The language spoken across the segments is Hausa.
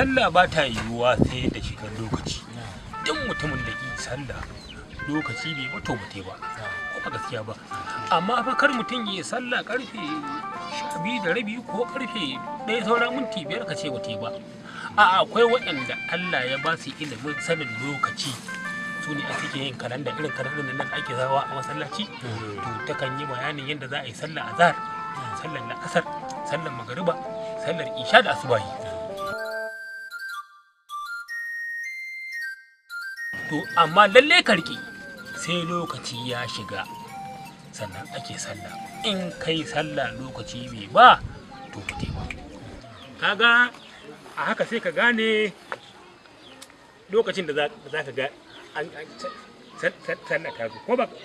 sallah ba ta yiwuwa sai da shigar lokaci duk mutumin da ke sallah lokaci bai mutu mutu ba ko ba gaskiya ba amma fa kar mutum ya sallah karfe sha da rabi ko karfe ɗaya saura minti biyar ka ce ba a akwai waɗanda Allah ya ba su ilimin sanin lokaci su ne ake yin kalanda irin kalanda nan ake zawa a masallaci to ta kan yi bayanin yadda za a yi sallah azhar sallar la'asar sallar magariba sallar isha da asubahi to amma lalle karki sai lokaci ya shiga sannan ake sallah in kai sallah lokaci bai ba to ka ba kaga a haka sai ka gane lokacin da za ka ga an sallah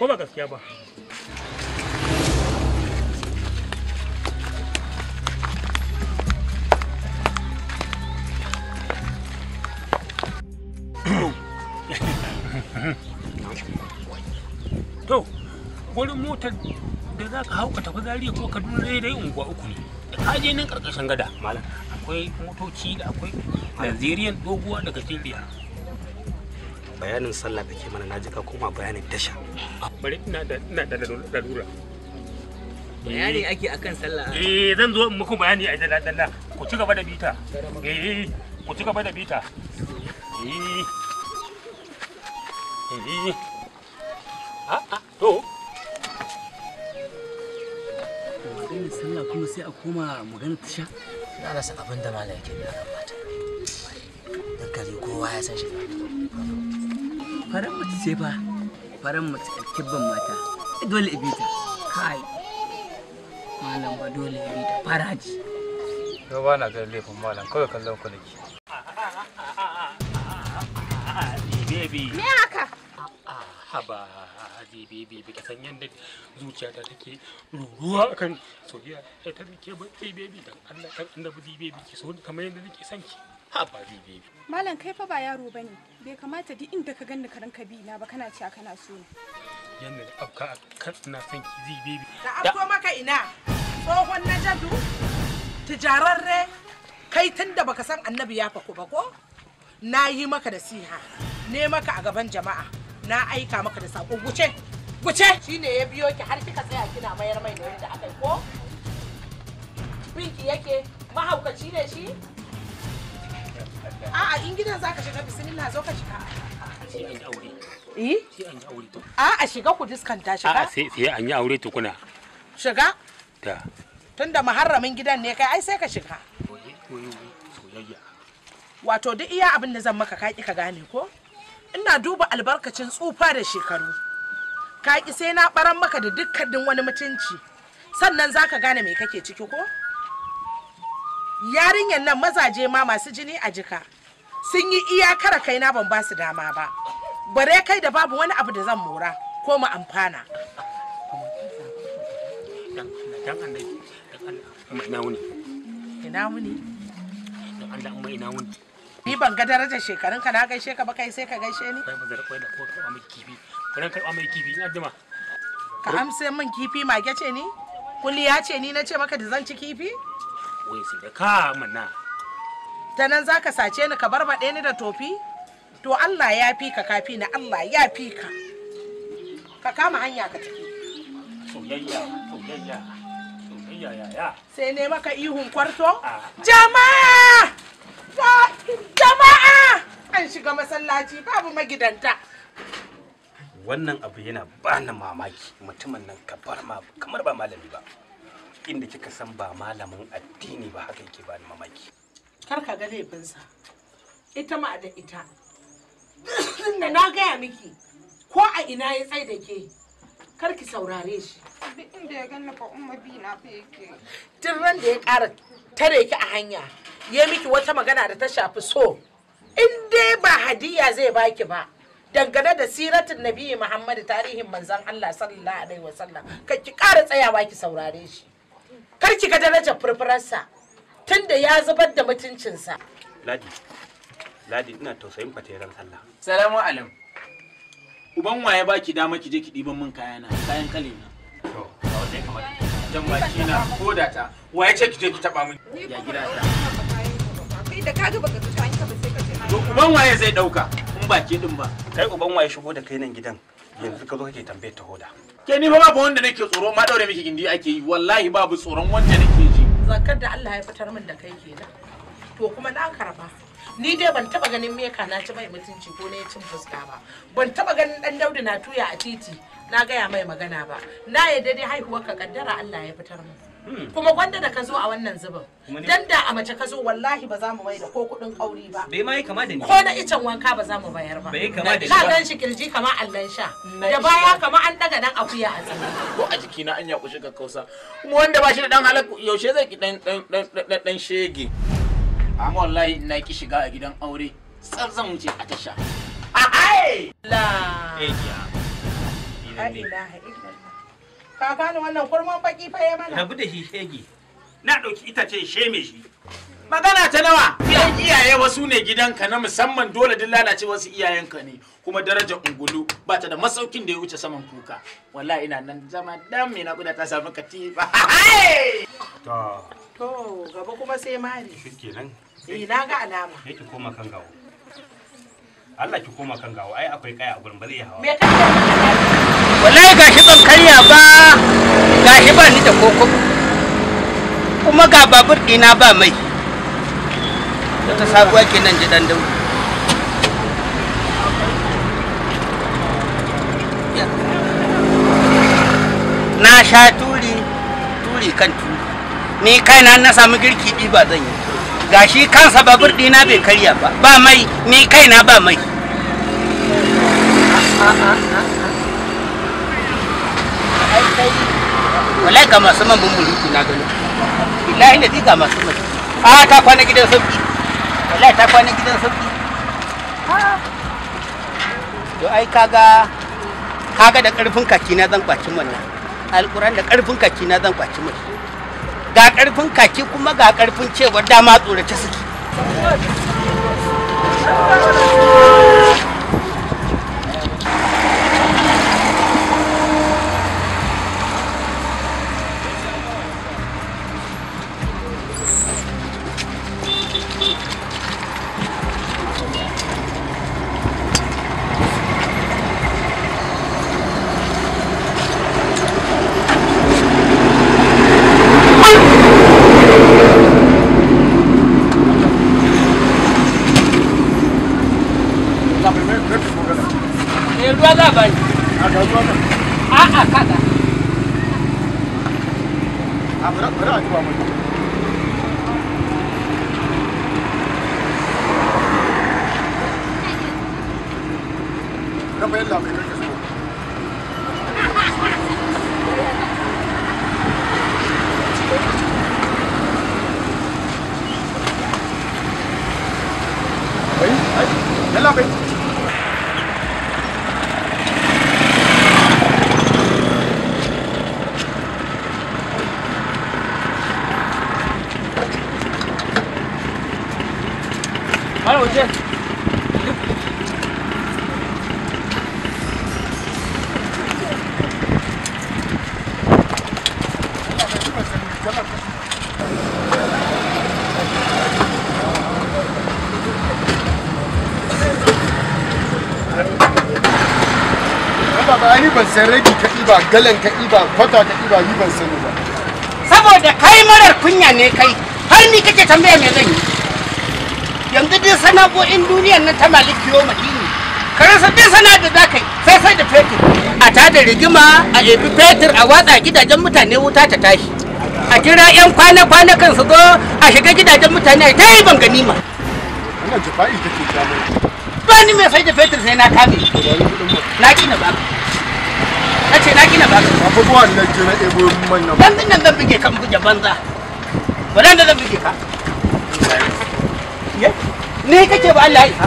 ko ba gaskiya ba motar da za ka ka tafi zariya ko kaduna dai dai unguwa uku ne da ka je nan karkashin gada malam akwai motoci da akwai nigerian doguwa daga jiriya bayanin sallah da ke mana naji ka koma bayanin tasha ah, bari ina da ina da lalura bayani eh. ake akan sallah eh zan zo muku bayani a da dalla ku ci gaba da bita eh ku ci gaba da bita eh eh a ah, a ah. Allah kuma sai a koma magana tasha? Na rasa abin da malam yake biya kan mata. Dan kare kowa ya san shi da Faran mace ce fa, faran mace kibban mata. Eh, dole ibita. Kai. Malam ba dole ta faraji. Yau ba na ganin laifin malam kawai kallon ku nake. Baby. Me haka? Haba. bebe bebe ki san yanda zuciyata take ruruwa akan soyayya ai ta nake ba ki bebe dan Allah kan annabi di bebe ki so kamar yanda nake son ki ha ba di bebe malam kai fa ba yaro bane bai kamata duk inda ka ganni karan ka bi na ba kana cewa kana so ne yanda afka kan ina son ki zi bebe da afko maka ina tsohon na jadu tijararre kai tunda baka san annabi ya fako ba ko na yi maka da nasiha ne maka a gaban jama'a na aika maka da sako wuce wuce shine ya biyo ki har kika tsaya kina mayar mai da wanda aka ko binki yake mahaukaci ne shi a'a in gidan zaka shiga bismillah zo ka shiga A'a shiga ku diskanta shiga. A'a sai sai an yi aure tukuna. Shiga? Ta. Tunda maharramin gidan ne kai ai sai ka shiga. Wato duk iya abin da zan maka ka ki ka gane ko? ina duba albarkacin tsufa da shekaru ka ki sai na baran maka da dukkanin wani mutunci sannan zaka gane me kake ciki ko yarinyar nan mazaje ma masu jini a jika sun yi iyakar na ban basu dama ba bare kai da babu wani abu da zan mora ko mu amfana ina wuni ina wuni ni ban ga darajar shekarun ka na gaishe ka ba kai sai ka gaishe ni kai zara kai da ko ka mai kifi kuran karba mai kifi in ka amsa min kifi mage ce ni ya ce ni na ce maka da zan ci kifi wai sai da ka mana ta nan zaka sace ni ka barbaɗe ni da tofi to Allah ya fi ka kafi na Allah ya fi ka ka kama hanya ka tafi soyayya soyayya soyayya ya ya sai ne maka ihun kwarto ah. jama'a Jama'a! An shiga masallaci babu magidanta. Wannan abu yana bani mamaki mutumin nan kabar ma kamar ba malami ba. Inda kika san ba malamin addini ba haka yake bani mamaki. Kar ka ga laifinsa. Ita ma da ita. Tunda na gaya miki ko a ina ya tsai da ke kar ki saurare shi. Duk inda ya ganna fa umma bi na fa yake. Tun ran da ya kara. tare ki a hanya ya miki wata magana da ta shafi so in dai ba hadiya zai baki ba dangane da siratin nabi muhammadu tarihin manzan allah sallallahu alaihi wasallam kan ki kara tsayawa ki saurare shi kar ki ga darajar furfuransa tunda ya zubar da mutuncinsa ladi ladi ina tausayin fateran allah salamu alam uban waye baki dama ki je ki ɗiban min kayana kayan kalina to a wajen kamar jan baki na koda ta waye ce ki je ki taba min ya gida ta kai da kaga baka fita an ka ba sai ka ce to uban waye zai dauka in ke din ba kai uban waye shigo da kai nan gidan yanzu ka zo kake tambaye ta hoda ke ni ba babu wanda nake tsoro ma daure miki gindi ake yi wallahi babu tsoron wanda nake ji zakar da Allah ya fitar min da kai kenan to kuma na karba ni dai ban taba ganin meka na ci mai mutunci ko na cin fuska ba ban taba ganin dan daudu na tuya a titi na gaya mai magana ba na yadda dai haihuwar ka kaddara Allah ya fitar mu hmm. kuma gwanda da ka zo a wannan zubin dan da a mace ka zo wallahi ba za mu mai da ko kudin kauri ba bai mai kama da ni ko na icen wanka ba za mu bayar ba bai kama da ni ka gan shi kirji kama allan sha da baya kama an daga dan akuya a tsaye ko a jiki na an kushi ka kausa kuma wanda ba shi da dan halak yaushe zai ki dan dan dan shege wallahi na ki shiga a gidan aure tsar zan wuce a tasha ai la eh, ka gane wannan kurman baki fa ya mana na da shi shege na dauki itace sheme shi magana ta nawa idan iyaye wasu ne gidanka na musamman dole duk lalace wasu iyayenka ne kuma darajar ungulu ba ta da masaukin da ya wuce saman kuka wallahi ina nan zama dan na naƙuda ta samu katifa to gaba kuma sai mari shikenan eh na ga alama sai ki koma kan gawo Allah ki koma kan gawo ai akwai kaya a gurin ba zai hawa me kake wallahi gashi ban karya ba gashi ba ni da koko kuma ga babur dina ba mai ta sabuwa kenan ji dan dauri na sha turi turi kan turi ni kaina na samu girki bi ba zan yi gashi kansa babur dina bai karya ba ba mai ni kaina ba mai wallahi ga masu man bumburutu na gano billahi da ga masu man a ta kwana gidan sauki wallahi ta kwana gidan sauki to ai kaga kaga da karfin kaki na zan kwaci mun alƙuran da karfin kaki na zan kwaci mun ga karfin kaki kuma ga karfin cewar dama tsorace suke ba ni ban san rabi ka iba galan ka iba kwata ka iba ni ban sani ba saboda kai marar kunya ne kai har ni kake tambaya me zan yi yanzu duk sana'o'in duniyar nan ta maliki yau madini ka rasa duk sana'ar da zaka yi sai sai da fetur a ta tada rigima a ebi fetur a watsa gidajen mutane wuta ta tashi a kira yan kwana-kwana kan su zo a shiga gidajen mutane a ta yi ban ganima wannan jafa'i take ta mai ba ni mai sai da fetur sai na kame na na ba na ce na gina ba abubuwan na je na ɗebo manyan ban nan zan bige kan buge banza ba dan da zan bige ka ni kake ba Allah isa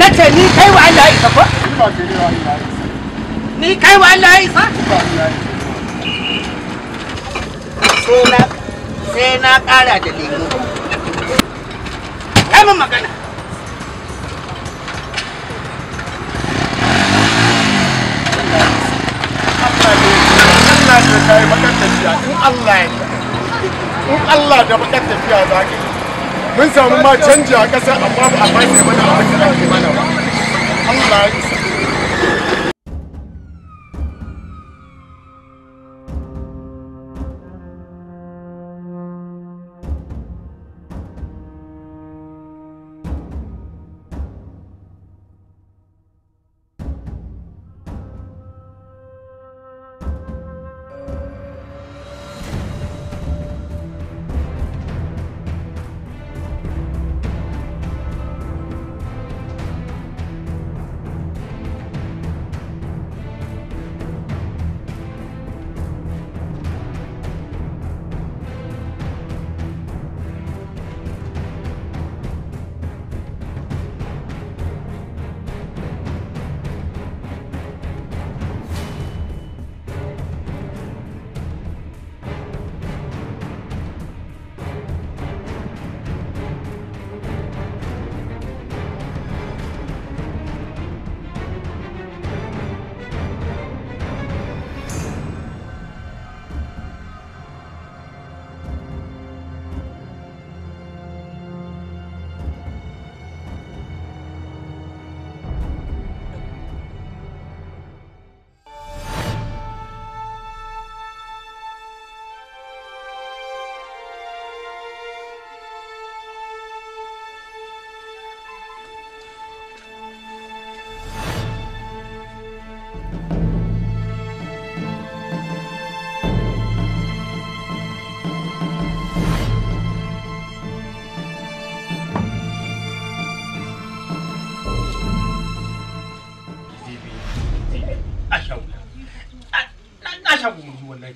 na ce ni kai wa Allah isa ko ni kai wa Allah isa sai na da kai mun magana Allah ya kai Allah Allah da bakar tafiya za mun samu ma canji a ƙasa amma ba a bai mana abin da ake mana ba Allah ya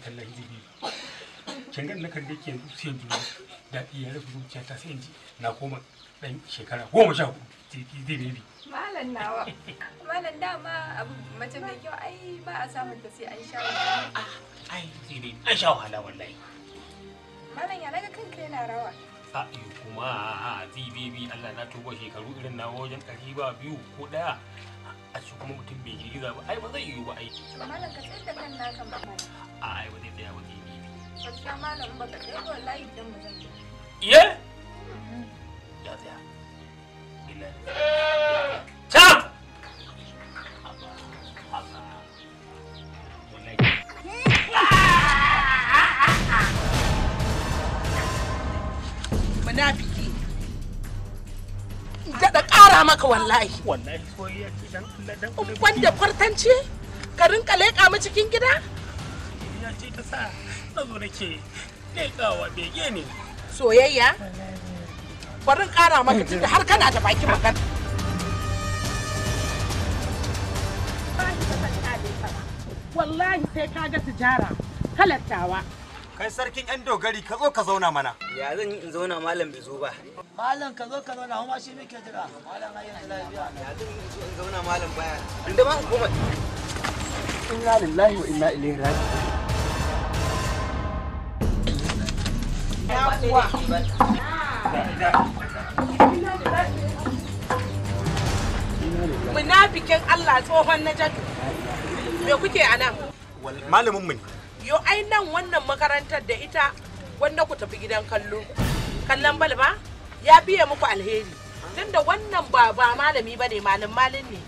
kallon zibi kin ga nakan da ke sai daɗi ya rufe zuciya ta sai ji na koma dan shekara goma sha hudu zibi zibi malam nawa malam dama abu mace mai kyau ai ba a samun ta sai an sha wahala ai an sha wahala wallahi malam ya daga kanka yana rawa a iyo kuma a zibi Allah na tuba shekaru irin na wajen ɗari ba biyu ko ɗaya a shi kuma mutum bai girgiza ba ai ba zai yiwu ba ai malam ka da kan ba a ai ba idan mu iye ya tsaya munafiki daɗa ƙara maka wallahi wallahi soyayya ce dan Allah dan wanda kwartance ka rinka leƙa mu cikin gida soyayya ce ta sa na zo nake leƙawa bege ne soyayya bari ƙara maka tunda har kana da bakin magana wallahi sai ka ga tijara talattawa kai sarkin yan dogari ka zo ka zauna mana ya zan yi in zauna malam bai zo ba malam ka zo ka zauna kuma shi muke jira malam ai yana lafiya ya zan yi in zauna malam baya inda ma hukuma inna lillahi wa inna ilaihi raji'un Munafikin Allah tsohon na jadu. Me kuke a nan? Malamin mu ne. Yo ai nan wannan makarantar da ita wanda ku tafi gidan kallo. Kallon balba ya biya muku alheri. Tunda wannan ba ba malami bane malam malin ne.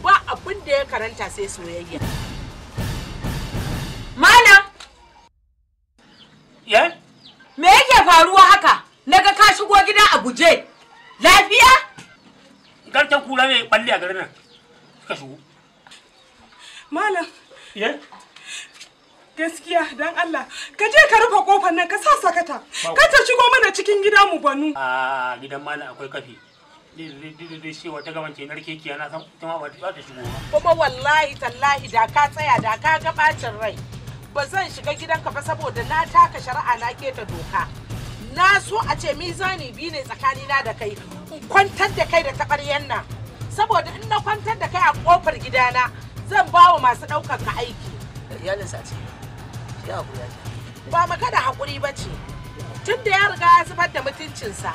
Ba abin da ya karanta sai soyayya. Malam! Yeah? faruwa haka? Naga ka shigo gida a guje. Lafiya? Garken kura ne balle a garin nan. Suka shigo. Malam. Ye? Gaskiya dan Allah, ka je ka rufe kofar nan ka sa sakata. Ka ta shigo mana cikin gida mu banu. a gidan malam akwai kafi. daidai cewa ta gaban kenar keki yana san kuma ba ta shigo ba. Kuma wallahi tallahi da ka tsaya da ka ga bacin rai. Ba zan shiga gidanka ba saboda na taka shari'a na keta doka. na so a ce mizani biyu ne tsakanina da kai in kwantar da kai da tabar nan saboda in na kwantar da kai a ƙofar gidana zan ba wa masu ɗaukar ka aiki iyalinsa ce ya ya ba maka da hakuri ba ce tun da ya riga ya zubar da mutuncinsa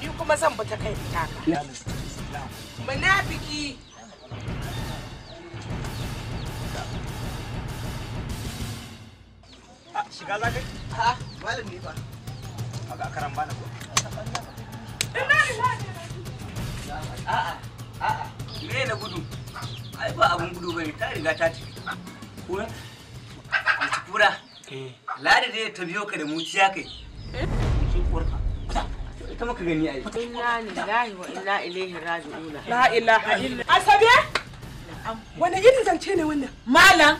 ni kuma zan bi ta kai da taka munafiki ah, shiga ha malam ne maga karan bana ko a'a a'a me na gudu ai ba abun gudu bane ta riga ta tafi kura kura eh. ladi dai ta biyo ka da muciya kai ki kurka ita maka gani ai inna lillahi wa inna ilaihi raji'un la ilaha illa asabe wani irin zance ne wannan malam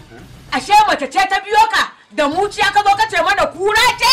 ashe mace ce ta biyo ka da muciya ka zo ka ce mana kura ce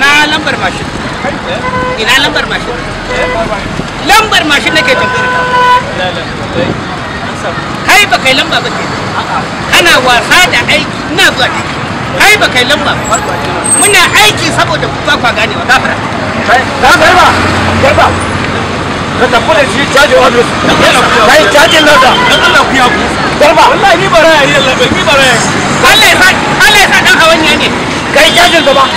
ina lambar mashin ina lambar mashin lambar mashin nake tambayar ka kai ba kai lamba ba ke kana wasa da aiki ina zuwa aiki kai ba kai lamba ba muna aiki saboda ba kwa gane wa gafara gafara ba gafara ka tafi shi caji ofis ka yi cajin nasa don Allah ku garba wallahi ni bara yari Allah ni bara yari Allah ya sa Allah ya sa dan hawanya ne kai cajin gaba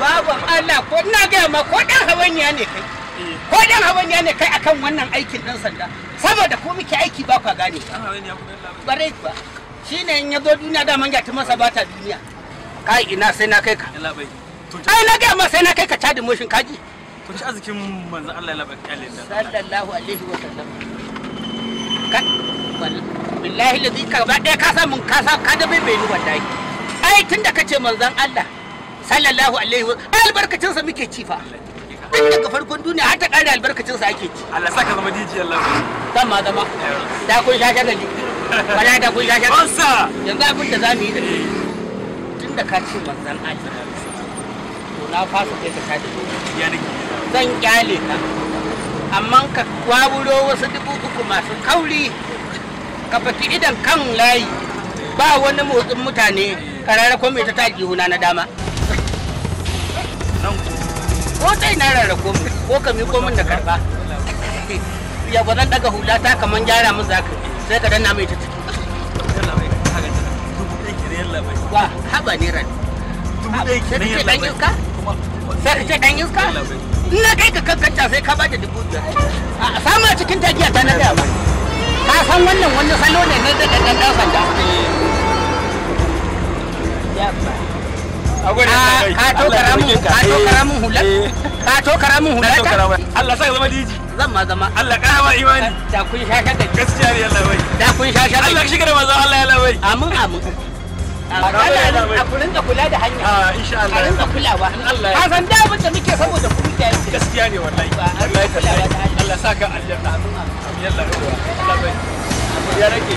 babu Allah ko ina gaya ma ko habanya ne kai eh. ko dan habanya ne kai akan wannan aikin dan sanda saboda ko muke aiki ba ka gane bare ba shine in yazo duniya da manja ta masa bata duniya kai ina sai na kai ka ai na ga ma sai na kai ka tadi motion kaji to ci azikin manzo Allah ya labaka alinda sallallahu alaihi wa sallam ka wallahi ladhi ka ba dai ka sa mun ka sa ka da bai bai ni wallahi ai tunda kace manzon Allah sallallahu alaihi wa albarkacin sa muke cifa Allah tun daga farkon duniya har ta ƙara albarkacin sa ake ci Allah saka zama DJ Allah kan ma zama Ta kun sha shagali bala ta kun sha shagali yanzu abin da zamu yi da tun da ka ci manzan Allah to na fasa kai ka kaji zan kyale ka amma ka waburo wasu dubu uku masu kauri ka faki idan kan layi ba wani motsin mutane ka rarrako mai ta huna na dama ko ta ina rara ko min ko ka miƙo min da karba ya ba daga hula ta kaman gyara min zaka sai ka danna mai ta ciki wa haba ne ran dan iska sai ka ce dan iska ina kai ka kankanta sai ka bada dubu biyar a sama cikin tagiya ta na gaya ba ka san wannan wani salo ne na da dan sanda ya Ah, ka to karamin eh, hula eh. ka Allah sa zama diji zan ma zama Allah karawa imani da kun shashar da gaskiya ne Allah bai da kun shashar Allah shiga da manzon Allah ya labai amin amin a kurin da kula da hanya a ah, insha Allah a rinka kulawa Allah ka san da abin da muke saboda ku mutane gaskiya ne wallahi wallahi tallahi Allah saka aljanna amin amin yalla Allah bai ya rage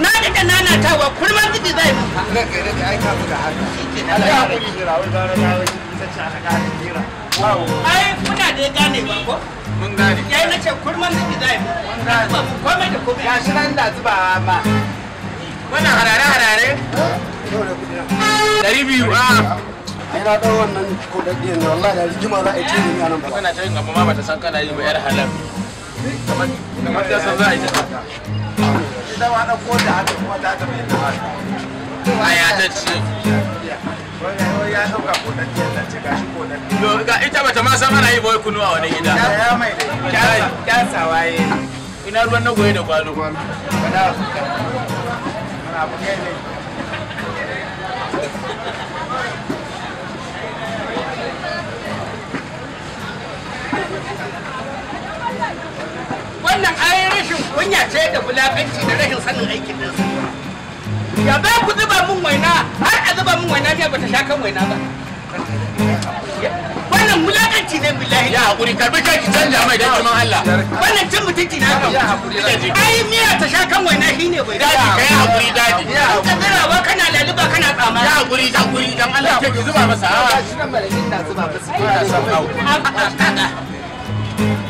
na daga nanatawa kurma zubi zai muka nan ga daga ai ka buga haka Allah ya kuri jira wai gara jira ai kuna da gane ba ko mun gane yayi zai muka mun gane da ya shi nan da zuba ma wannan harare harare dari biyu a ah. ai na dau wannan wallahi da za a yi a nan ba kana ta yin ma san kana yi ba yar halal kamar kamar da san za a yi ta ita ma ɗauko da haka kuma ta taɓa yin haka. A ya ta ce. Ya ɗauka kodantiyar nan ce gashi kodantiyar. Ga ita bata ma san yi boy kunu a wani gida. Ya mai da kyasawa ya yi. Eh. Ina ruwan na goye da kwalo. Kana abu kai ne. kunya ce da bulakanci da rashin sanin aikin din su ya ba ku zuba min waina har a zuba min waina ne ba ta sha kan waina ba wannan bulakanci ne billahi ya hakuri karbi kanki canja mai dan girman Allah wannan cin mutunci na kan ya hakuri ai miya ta sha kan waina shine bai daji kai hakuri daji in ka zira ba kana laluba kana tsama ya hakuri hakuri dan Allah ke ki zuba masa shi nan malamin na zuba masa ina son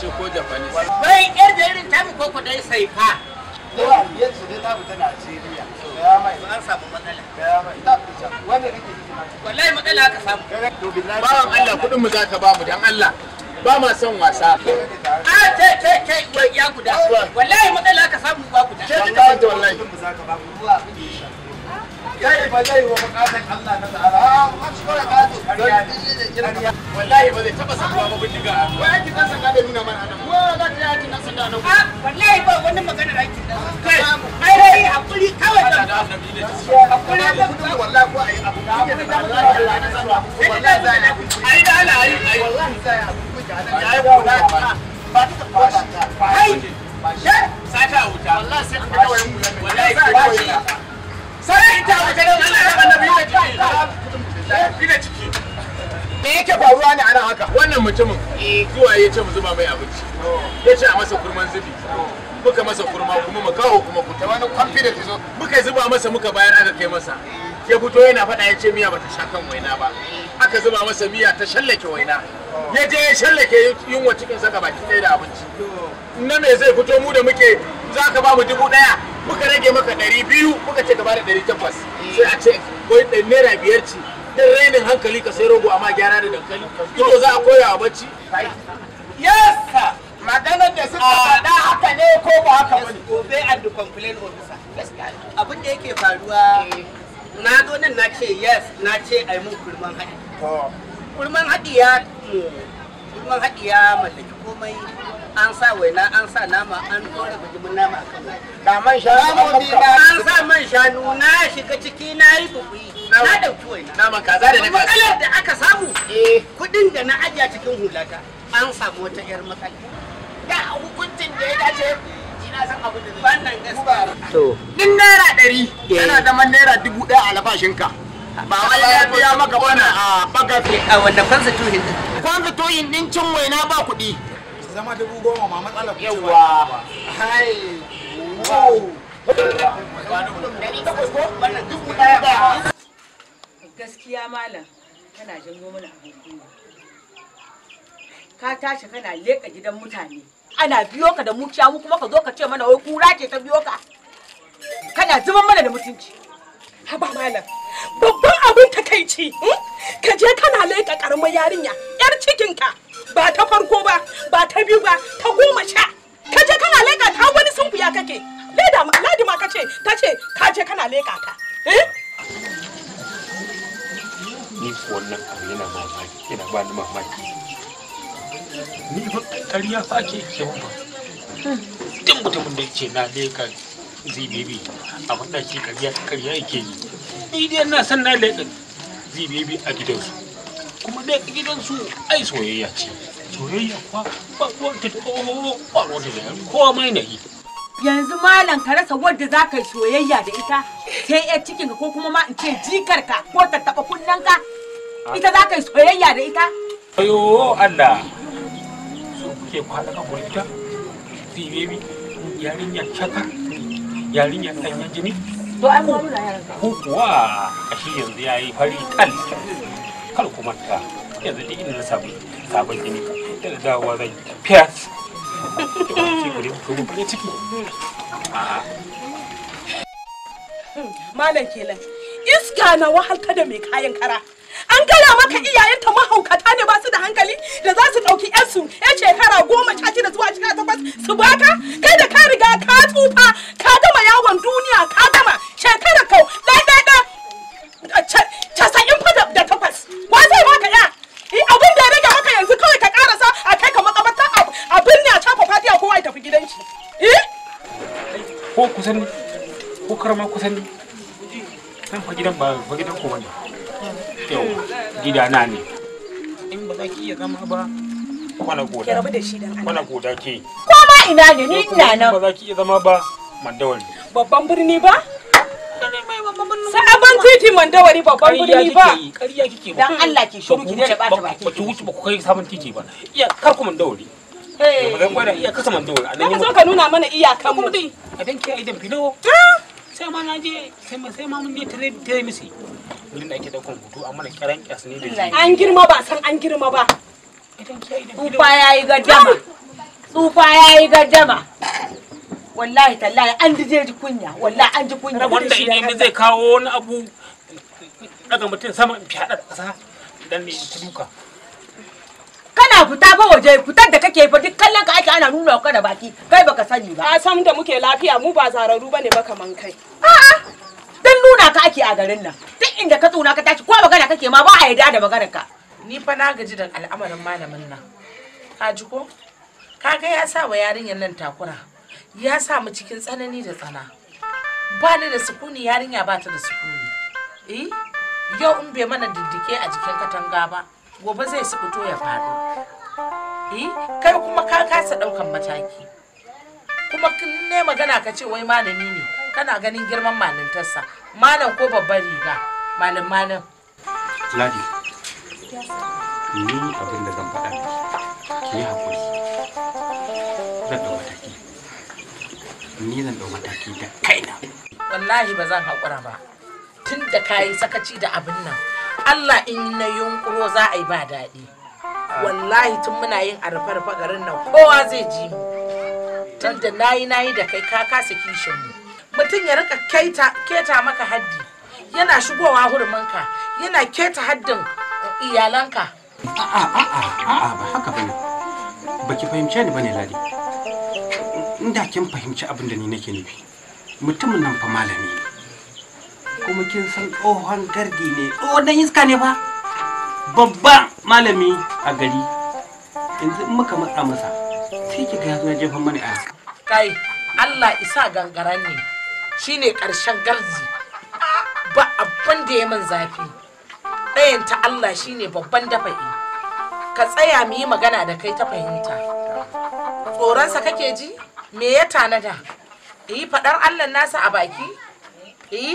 ce ko da irin tamu ko dai sai fa yawa yanzu dai tamu ta a ce ce ya guda wallahi matsala aka samu ba ƙarya wallahi ba zai taɓa sakuwa ba bindiga ko aikin ɗan sanda da nuna mana nan ko za ta yi aikin ɗan sanda nan wallahi ba wannan maganar aikin ɗan sanda ai rai hakuri kawai da hakuri da kudu wallahi ko ai abu da abu da Allah ya Allah ya sanda wallahi za ya ai da Allah ai ai wallahi za ya hakuri da Allah ya wallahi ba ta ba ta ba ai sata wuta wallahi sai an ga ba shi sai ta wuta da Allah ya annabi ne ciki ina ciki me yake faruwa ne ana haka wannan mutumin eh. zuwa ya ce mu zuba mai abinci ya ce a masa kurman zubi muka masa kurma kuma mu kawo kuma kuta wani confident zo muka zuba masa muka bayar aka kai masa ya fito yana faɗa ya ce miya bata sha kan waina ba aka zuba masa miya ta shallake waina ya je ya shallake yunwa cikin saka baki ɗaya da abinci na me zai fito mu da muke za ka ba mu dubu ɗaya muka rage maka ɗari biyu muka ce gaba da ɗari takwas sai a ce naira biyar ce dan rainin hankali ka sai rogo amma gyara da dankali to za a koya a bacci yes sir maganar da suka ah. faɗa haka ne ko ba haka ba ne gobe and complain officer abin da yake faruwa eh. na zo nan na ce yes na ce ai mun kurman haɗi oh. kurman haɗi ya kurman haɗi ya mallaki komai an sa waina an sa nama an tsora bijimin nama a kan da man shanu an sa man shanu na shiga ciki na yi bukuyi na dauki waina kaza da na matsalar da aka samu eh. kuɗin da na ajiya cikin hulata an samu wata yar matsala ga hukuncin da ya dace Din naira ɗari yana eh. zaman naira dubu ɗaya a albashinka. Ba wai ya biya maka bana a bagas. Eh, a wanda fansa tuhin din. Fansa tuhin din cin waina ba kuɗi. Zama dubu goma ma matsalar kuɗi. Yawwa. Hai. Wow. Ɗari takwas ko? Wannan dubu ɗaya ba. gaskiya malam tana janyo mana abokin ka tashi kana leka gidan mutane ana biyo ka da muciya mu kuma ka zo ka ce mana wai kura ce ta biyo ka kana zuban mana da mutunci haba malam babban abin takaici hmm? ka je kana leka karamar yarinya yar cikinka ba ta farko ba ba ta biyu ba ta goma sha ka je kana leka ta wani ya kake leda ma ladi ta kace ka je kana leka ta eh ni ko abu yana mamaki yana ba ni mamaki ni ba ƙarya fa ake ke ba duk mutumin da yake na leka zibibi a wanda ke ƙarya ƙarya yi ni dai na san na leka zibibi a gidansu kuma leka gidansu ai soyayya ce soyayya kuwa ba ruwanta da ƙoho kowa mai na yi yanzu malam ka rasa wadda za ka yi soyayya da ita sai ya cikin ka ko kuma ma in ce jikar ka ko ta taba kunnen ka ita za ka yi soyayya da ita ayo Allah so kuke kwala ka gurta ti yarin ya chaka yarinya sanya jini to ai mu muna yaran ko kuwa shi yanzu yayi fari kal kal kuma ta yanzu duk inda na sabu sabon jini da dawo zan fiyas Malam kelan, iska na wahalta da mai kayan kara. An gaya maka iyayenta mahaukata ne ba su da hankali da za su ɗauki ‘yansu ‘yan shekara goma sha shida zuwa sha takwas su baka? Kai da ka riga ka tsufa, ka gama yawon duniya, ka gama shekara kau ɗaya ɗaya ɗaya casa'in fa da takwas. Wa zai baka ya? Abin da ya rage maka yanzu kawai ka abin a cafa fatiya kowa ya tafi gidanki eh? ko kusan ko karama kusan san fa gidan ba fa gidan ko wani yau gida na ne in ba za ki iya zama ba kwana goda ki rabu da shi dan kwana goda ke ko ma ina ne ni ina nan ba za ki iya zama ba mandawari babban birni ba sabon titi mandawari babban birni ba kike dan Allah ki shiru ki da ba ta ba ki wuce ba ku kai sabon titi ba iya kar ku mandawari Madan Ka zo ka nuna mana iyakan mu. A dan kiyaye dan filo. Sai ma na je sai ma sai ma mun je tare misi. da amma na kiran kyas ne da shi. An girma ba san an girma ba. Tsufa yayi gaddama. Tsufa yayi Wallahi tallahi an ji ji kunya, wallahi an ji kunya. Wanda zai kawo wani abu daga mutum sama in fi haɗa ƙasa dan ne duka. kana fita ba waje fitar da kake fa duk kallon ka ake ana nuna ka da baki kai baka sani ba. A san da muke lafiya mu ba zararru bane ba kaman kai. A'a dan nuna ka ake a garin nan duk inda ka tsuna ka tashi ko magana kake ma ba a yarda da maganar ka. Ni fa na gaji da al'amarin malamin nan. Ka ji ko? Kaga ya sa wa yarinyar nan takura. Ya sa mu cikin tsanani da tsana. Ba ni da sukuni yarinya ba ta da sukuni. Eh? Yau in bai mana diddike a jikin katanga ba. gobe zai su fito ya faru eh kai kuma ka kasa ɗaukan mataki kuma kin ne magana ka ce wai malami ne kana ganin girman malintarsa malam ko babban riga malam malam ladi ni abin da zan faɗa ki yi haƙuri zan ɗau mataki ni zan ɗau mataki da kaina wallahi ba zan haƙura ba tun da ka yi sakaci da abin nan Allah in na yunkuro za a yi ba daɗi wallahi tun muna yin arfarfa garin nan kowa zai ji mu tun da nayi nayi da kai ka kasa kishin mu mutum ya rika keta maka haddi yana shigowa hurminka yana keta haddin iyalanka a'a a'a a'a ba haka bane baki fahimce ni bane ladi inda kin fahimci abin da ni nake nufi mutumin nan fa malami ne kuma kin san tsohon gardi ne wannan iska ne fa babba malami a gari yanzu in muka matsa masa sai ki ga zo ya jefa mana a kai Allah isa gangaran ne shine karshen garzi ba abban da ya man zafi ɗayan ta Allah shine babban dafa'i ka tsaya mu yi magana da kai ta fahimta tsoronsa kake ji me ya tanada yi faɗar Allah nasa a baki Eh?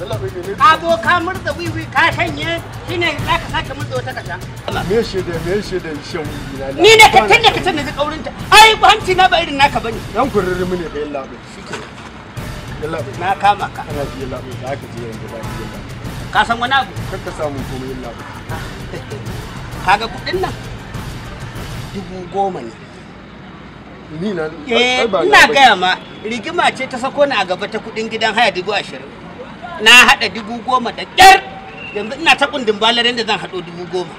ka zo ka murza wiwi ka shanye ne za ka sake murza wata kasha me shi da me shi da shan wiwi na ni ne ka tunda ka kaurin ta ai hanci na ba irin naka bane dan shike na kama ka kana ji za ka je yanzu ba ka san wani abu kar ka samu komai labe kaga kudin nan dubu goma ne ni na eh, ina gaya ma rigima ce ta sako ni a gaba ta kudin gidan haya dubu ashirin na haɗa dubu goma da ƙyar yanzu ina ta kundin balar da zan haɗo dubu goma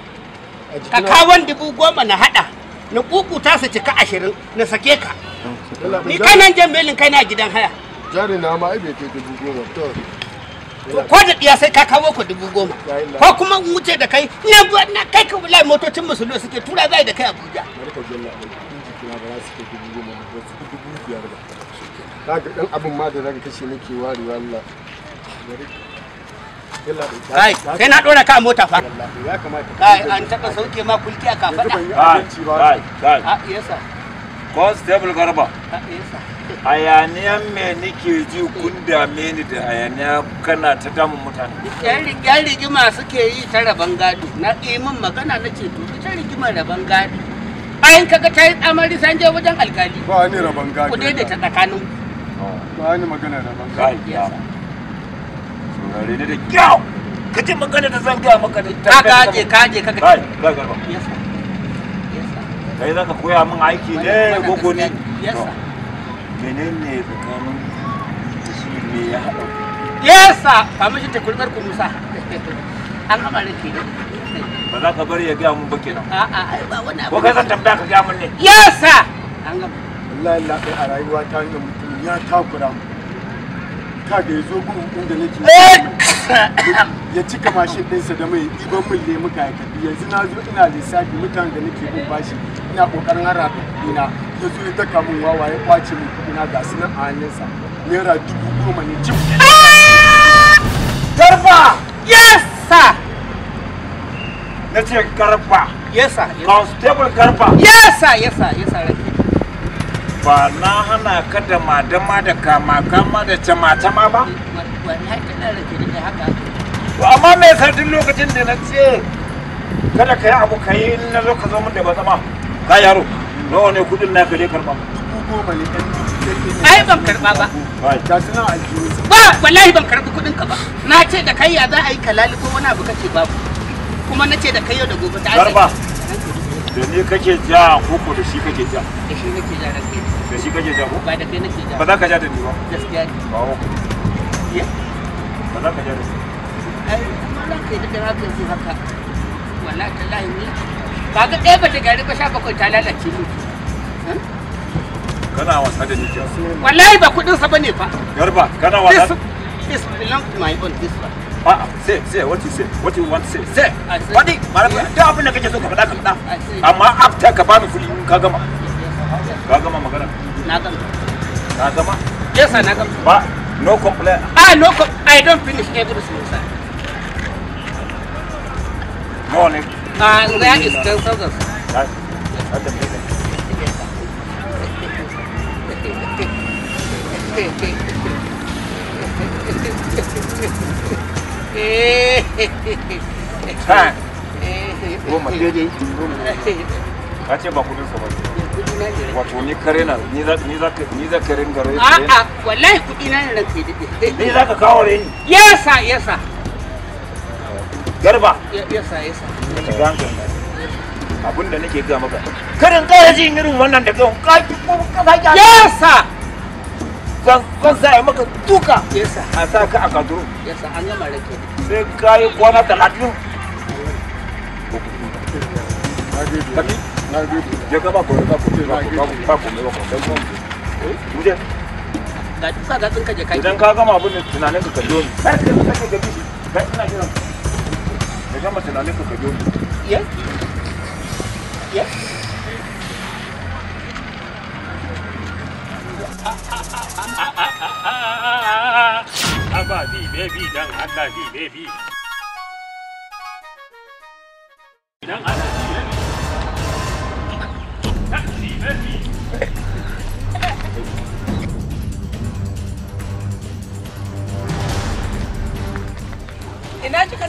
ka kawon dubu goma na haɗa na kukuta su cika ashirin na sake ka ni kanan jan belin kai na gidan haya jari na ma ibe ke dubu goma to ko da ɗiya sai ka kawo ku dubu goma ko kuma in wuce da kai na na kai ka wallahi motocin musulun suke tura zai da kai abuja ka ga dan abin ma da zaka kashe nake wari wallahi kai sai na dora ka mota fa kai an taba sauke ma kulki a kafada kai kai kai ah, constable garba ah, hayaniyan me nike ji kun dame ni da hayaniya kana ta damun mutane yan rigima suke yi ta raban gado na min magana na ce to ta rigima raban gado bayan kaga ta yi tsamari san je wajen alkali ba ni raban gado ku ta tsakanin ba ni magana raban gado rene da ka ji magana da zan gaya maka da ka kaje kaje ka ga garba yes sir yes sir kai zaka koya min aiki ne gogo ne yes sir menene tsakanin shi ne ya haɗa yes sir kamar ta kulmar ku musa an amare ke ba za ka bari ya gaya mun ba kenan a'a ai ba wani ko kai zan tambaya ka gaya mun ne yes sir an gama wallahi a rayuwa ta mutum ya takura mu da ya zo gun inda nake eh! ya cika mashin ɗinsa da mai ɗiban min lemu ya yanzu na zo ina lissafi mutanen da nake bin bashi ina ƙoƙarin hara kuɗina ya zo ya daka min wawa ya kwace min kuɗina ga su nan a hannunsa naira dubu goma ne cim. Ah! Garba! Yes sir! Na ce garba! Yes sir! Constable garba! Yes sir! Yes sir! Yes sir! ba na hana ka da madama da kama kama da tama-tama ba? To amma me yasa duk lokacin da na ce kada ka yi abu ka yi in na zo ka zo mun da ba zama ka yaro nawa ne kudin na gare karɓa. Ai ban karɓa ba. Ba wallahi ban karɓi kudin ka ba. Na ce da kai ya za a yi kalali ko wani abu kace babu. Kuma na ce da kai yau da gobe ta Garba. da ni kake ja koko da shi kake ja da shi nake ja da kai da shi kake jago ba da kai nake ba za ka ja da ni ba gaskiya ne ba wa ya ba za ka ja da ni ai mallan kai da kai haka yanzu haka wallahi tallahi ni kaga ɗaya ba ta gari ba sha bakwai ta lalace ni kana wasa da dukiya wallahi ba kudin sa bane fa garba kana wasa this belong to my own this one a'a ah, ah, sai sai what you say what you want to say say wani malamin duk abin da kake so ka faɗa ka faɗa amma after ka bani kuɗi ka gama ka gama magana na gama gama yes sir na gama ba no ah no i don't finish everything sir morning ah uh, that is cancelled sir that's eh. that's Time. Goma daidai. Ka ce ba kudin sa ba. wato ni kare na ni za ni za ni za kare ga rai a'a wallahi kudi na ne ranka dade ni za ka kawo rai ni yasa yasa garba yasa yasa ka ci ganka abin da nake ga maka karin ƙara jin irin wannan da kan kaki ko kasa ya yasa zan zan sai maka duka yasa a sa ka a kaduru yasa an gama rake sai kai kwana 30 Thank you. je ka ba kore ba ba ba je kai idan ka gama abin kai yes yes bi Dan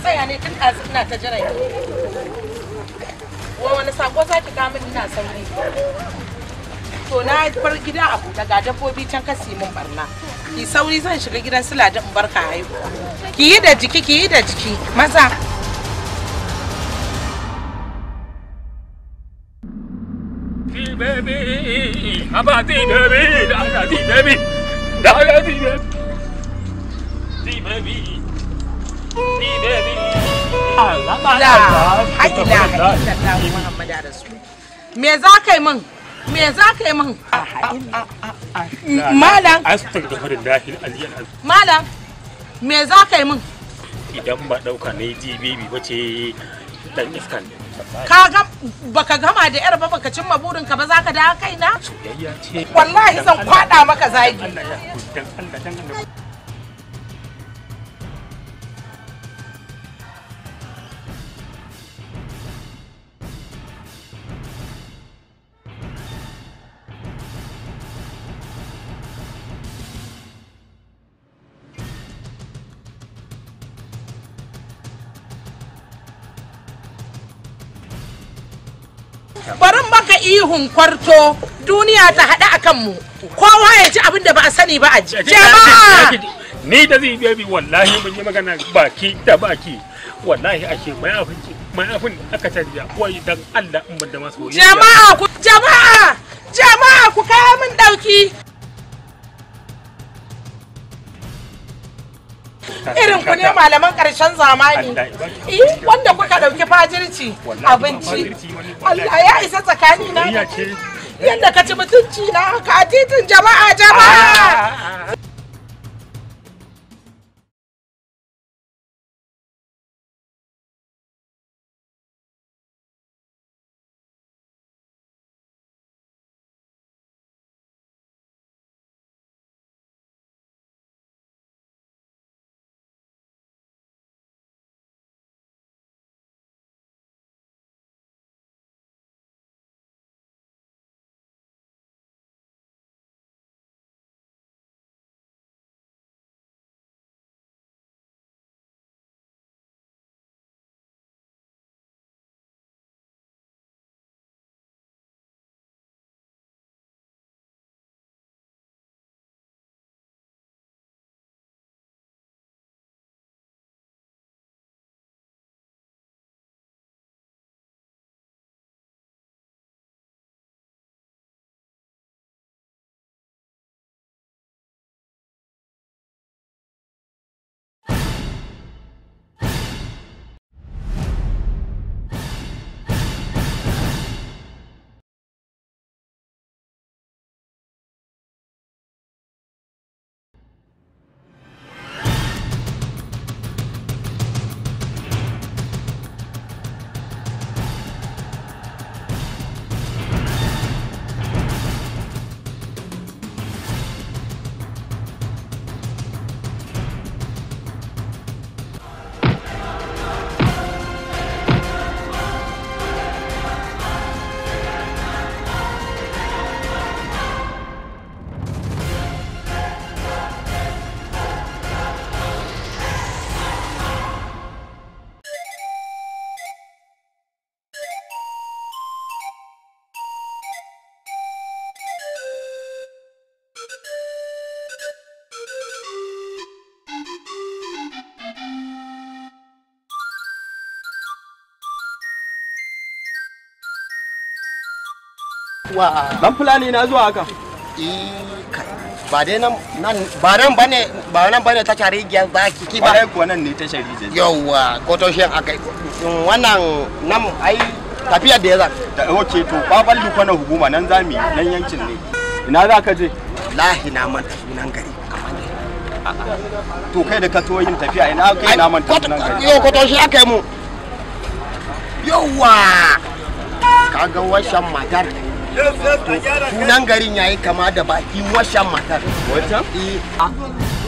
tsaya ne tun ɗazu ina ta jira wani sako za ki ina sauri to na bar gida abu daga dabbobi can kasi min barna ki sauri zan shiga gidan sila da barka haihuwa ki yi da jiki ki yi da jiki maza Baby, Me za ka yi min? Me za ka yi min? Malam. Malam. Me za ka yi min? Idan ba ɗauka na yi jibibi ba ce dan iskan. Ka ga baka gama da yar ba baka burin ka ba za ka da kaina? Soyayya Wallahi zan kwaɗa maka zagi. ihun kwarto duniya ta haɗa a kanmu kowa ya ji abin da ba a sani ba a ji jama'a ni da zai biya bi wallahi mun yi magana baki da baki wallahi ashe mai afin mai afin aka canja wai dan Allah in ban da masu jama'a ku jama'a jama'a ku kawo min dauki irin ku ne malaman ƙarshen zamani eh, wanda kuka ɗauki fajirci abinci Allah ya isa tsakani na yadda ka ci mutunci na ka titin jama'a jama'a ah, ah, ah. wa dan fulani na zuwa haka e, ba dai nan ba nan bane ba nan bane ta shari giya ba kiki ba ai kuwa nan ne ta shari je yawa ko to shin akai wannan nan ai tafiya da yaza oke to baban lufa na hukuma nan zami nan yankin ne ina za ka je lahi na manta sunan gari to kai da ka to yin tafiya ina kai na manta sunan gari yo ko to shi akai mu yawa kaga washan matar nan garin yayi kama da baki washan matar wancan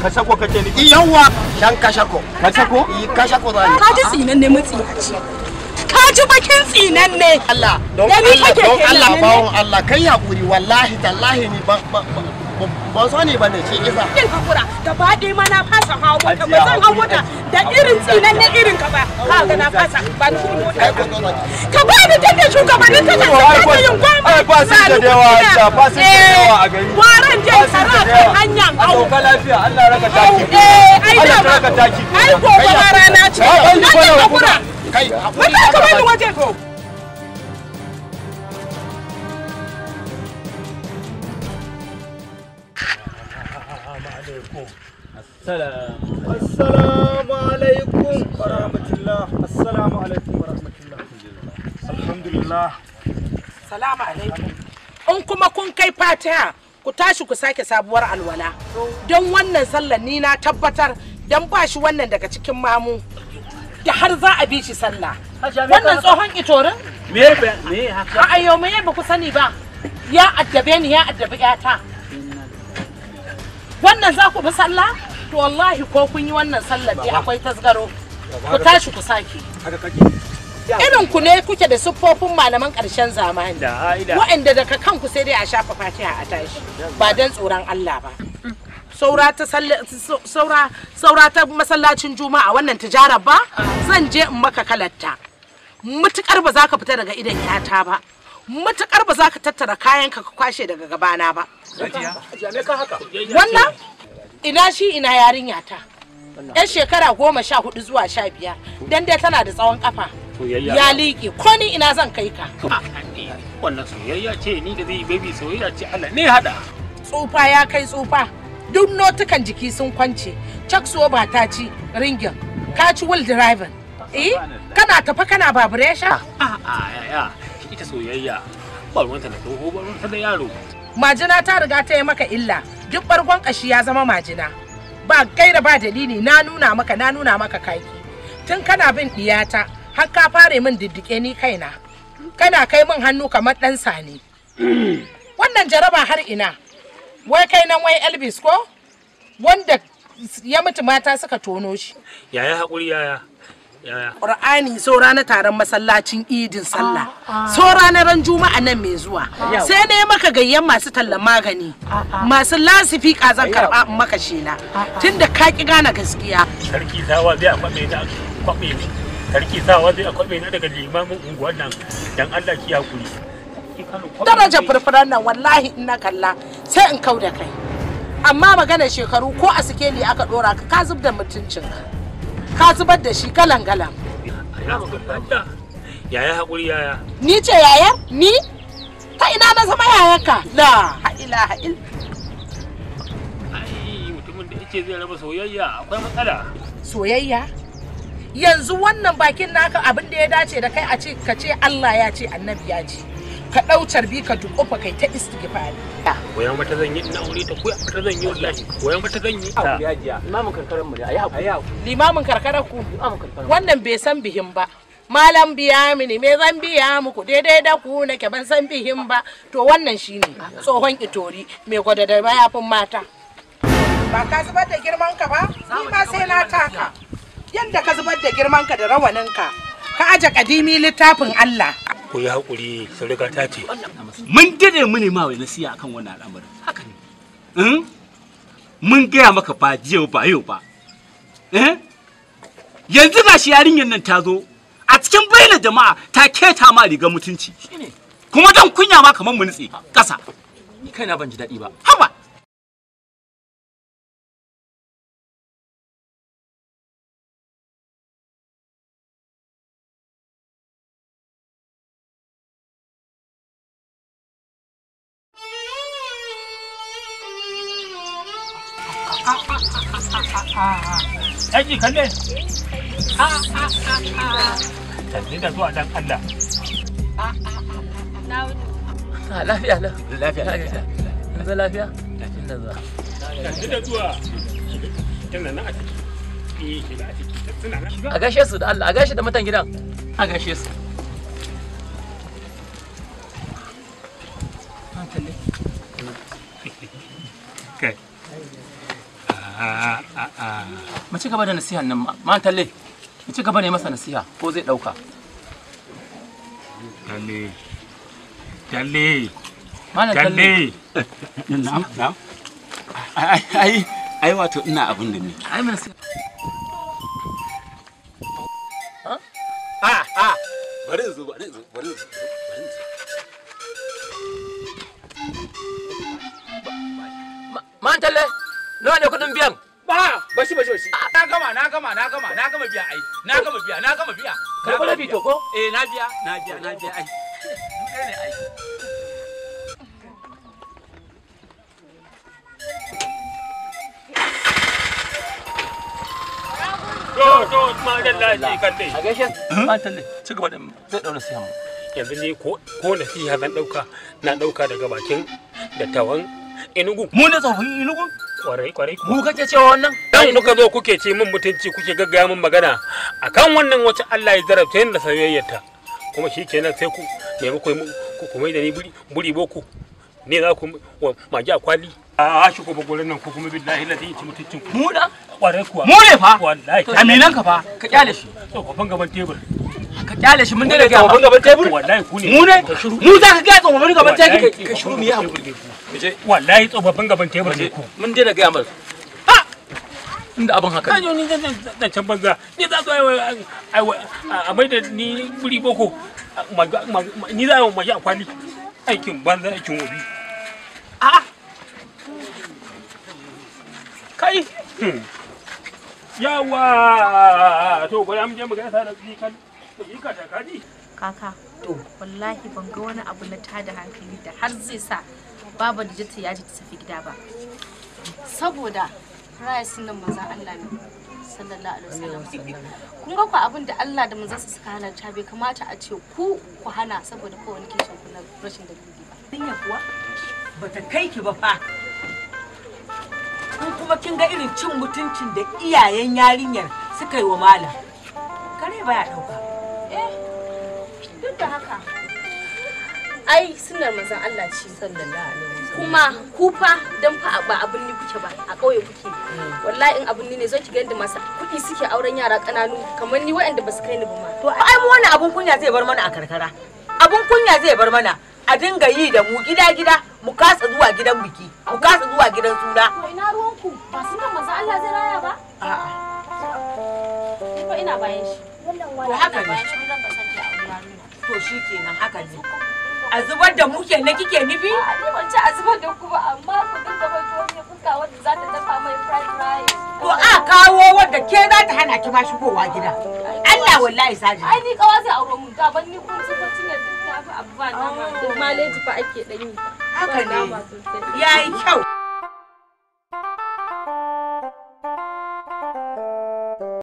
kashako kake ni yawa shan kashako kashako eh kashako za ni ka ji tsinan ne ci ka ji bakin tsinan ne Allah don Allah don Allah bawon Allah kai hakuri wallahi tallahi ni ban ban so ne bane shi isa kin hakura gaba ɗaya ma na fasa hawa mota ba zan hawa mota da irin tsinan na irin ka ba ka ga na fasa ba ni kuɗin mota ka ba ni tunda shugabannin ta ta ta yin goma ai fasin da yawa ta fasin da yawa a gari eh, waran je tsara kan hanya au ka lafiya Allah raka taki eh ai da raka taki ai gobe rana ce kai hakuri ka bani waje Assalamu alaikum wa rahmatullah. Assalamu alaikum wa Alhamdulillah. Salamu alaikum. In kuma kun kai fatiha ku tashi ku sake sabuwar alwala. Don wannan sallar ni na tabbatar don ba shi wannan daga cikin mamu. Da har za a bi shi sallah. Wannan tsohon itorin? Me me haka? A'a yau me ba sani ba. Ya addabe ni ya addabi 'yata. Wannan za ku bi sallah? to wallahi ko kun yi wannan sallar dai akwai tasgaro ku tashi ku sake irin ku ne kuke da siffofin malaman ƙarshen zamani waɗanda daga kanku sai dai a shafa fatiha a tashi ba don tsoron Allah ba saura ta masallacin juma'a wannan tijara ba zan je in maka kalatta mutukar ba za ka fita daga idan yata ba mutukar ba za ka tattara kayanka ka kwashe daga gabana ba wannan ina shi ina yarinya ta yan shekara goma sha hudu zuwa sha biyar dan dai tana da tsawon kafa ya liƙe ko ni ina zan kai ka wannan soyayya ce ni da zai baby soyayya ce Allah ne hada tsufa ya kai tsufa duk notukan jiki sun kwance chuck ba ta ci ringin ka ci wheel driver eh kana tafa kana sha. a a ya ita soyayya ba ruwanta da tsoho ba ruwanta da yaro majina ta riga ta yi maka illa duk bargon kashi ya zama majina ba gaira ba dalili na nuna maka na nuna maka kaki tun kana bin diyata har ka fare min diddike ni kaina kana kai min hannu kamar dan sani wannan jaraba har ina wai kai nan wai Elvis ko wanda ya mutu mata suka tono shi yaya hakuri yaya Qur'ani so ranar taron masallacin idin sallah ah, ah. so ranar juma'a nan mai zuwa sai ne maka gayyan masu tallan magani ah, masu lasifi kazan karba maka shela tunda ka ki gane gaskiya sarki zawa zai a kwabe na kwabe ni sarki zawa zai a kwabe na daga limamin unguwar nan dan Allah ki hakuri daraja furfuran nan wallahi in na kalla sai in kau da kai amma magana shekaru ko a sikeli aka dora ka ka zub da mutuncinka ka zubar da shi galan galan yaya hakuri yaya ni ce yaya ni ta ina na zama yayarka la ha'ila ha'il ai mutumin da yake zai raba soyayya akwai matsala soyayya yanzu wannan bakin naka abin da ya dace da kai a ce ka ce Allah ya ce annabi ya ce ka ɗau carbi ka dukufa kai ta istighfari wayan mata zan yi ina aure ta ko mata zan yi wallahi wayan mata zan yi limamin karkaran mu ne ayi hakuri limamin karkaran ku wannan bai san bihin ba malam biya mini me zan biya muku daidai da ku nake ban san bihin ba to wannan shine tsohon itori mai gwada da mayafin mata ba ka zubar da girman ka ba ni ma sai na taka yadda ka zubar da girman ka da rawanin ka ka aje kadimi littafin Allah ku hakuri haƙuri ta ce mun dade mu ne ma wai nasiya akan wannan al'amarin haka ne hmm? mun gaya maka ba jiya ba yau ba eh? yanzu ga shi yarinyar nan ta zo a cikin bayyana jama'a ta keta ma rigar mutunci kuma don kunya ma kamar mu nutse ƙasa ni kaina ban ji daɗi ba haba Daji a ciki. Eh, a A gaishe su da gidan. A a a ci gaba da nan ma talle ci gaba ne masa nasiha ko zai talle talle talle na'am na'am ai ai wato ina abin da ne ai eh na biya na biya na biya ai duka a gaishe hmm? ba ci gaba da zai mu yanzu ne ko nasiha zan dauka na dauka daga bakin dattawan enugu mu ne inugu kwarai kwarai mu kace cewa wannan dan kuka zo kuke ce min mutunci kuke gaggaya min magana akan wannan wacce Allah ya zarabta ni da soyayyarta kuma shikenan sai ku ne ku ku mai da ni buri buri boku ne za ku magi a kwali a shi ko bagoren nan ko kuma billahi lazi ci mutuncin mu da kware kuwa mu ne fa wallahi aminan ka fa ka kyale shi tsofaffin gaban tebur ka kyale shi mun dare ga tsofaffin gaban tebur wallahi ku ne mu ne mu za ka ga gaban tebur ka shiru mu hakuri wallahi gaban tebur ne ku mun ga mar inda abin haka ne ni can banza ni za su a mai da ni boko ni za yi wa aikin banza aikin kai hmm. yawa to bari mu je mu gaisa da tsikan ka ta kaji kaka wallahi ban ga wani abu na tada hankali da har zai sa baba da jita ya ji ta tafi gida ba saboda raya nan maza Allah ne sallallahu alaihi wasallam kun ga ku abin da Allah da manzon sa suka halarta bai kamata a ce ku ku hana saboda kowane kishin kuna na rashin dalili ba kuwa bata kai ki ba fa Kun kuma kin ga irin cin mutuncin da iyayen yarinyar suka yi wa mala kare baya ɗauka eh duk da haka ai sunar manzon Allah ce sallallahu alaihi kuma kufa dan fa ba abin ni kuke ba a ƙauye kuke hmm. wallahi in abin ne zo ki ga yadda masu kuɗi suke auren yara kananu kamar ni waɗanda ba su kai ni ba ma to ai mu wani abun kunya zai bar mana a karkara abun kunya zai bar mana a dinga yi da mu gida gida mu kasa zuwa gidan biki mu kasa zuwa gidan suna Ko ina ruwanku ba sunan maza Allah zai raya ba a'a ko ina bayan shi to haka ne bayan shi mun ba san to kenan haka ne a zubar da mu kenan kike nufi ni ban ci a zubar da ku ba amma ku dinga mai tuwon ne kuka wanda za ta dafa mai fried rice to a kawo wanda ke za ta hana ki ma shigowa gida Allah wallahi saji ai ni kawa zai aure mun ta ban ni kun ko ne safe oh. ake yi haka ne yayi kyau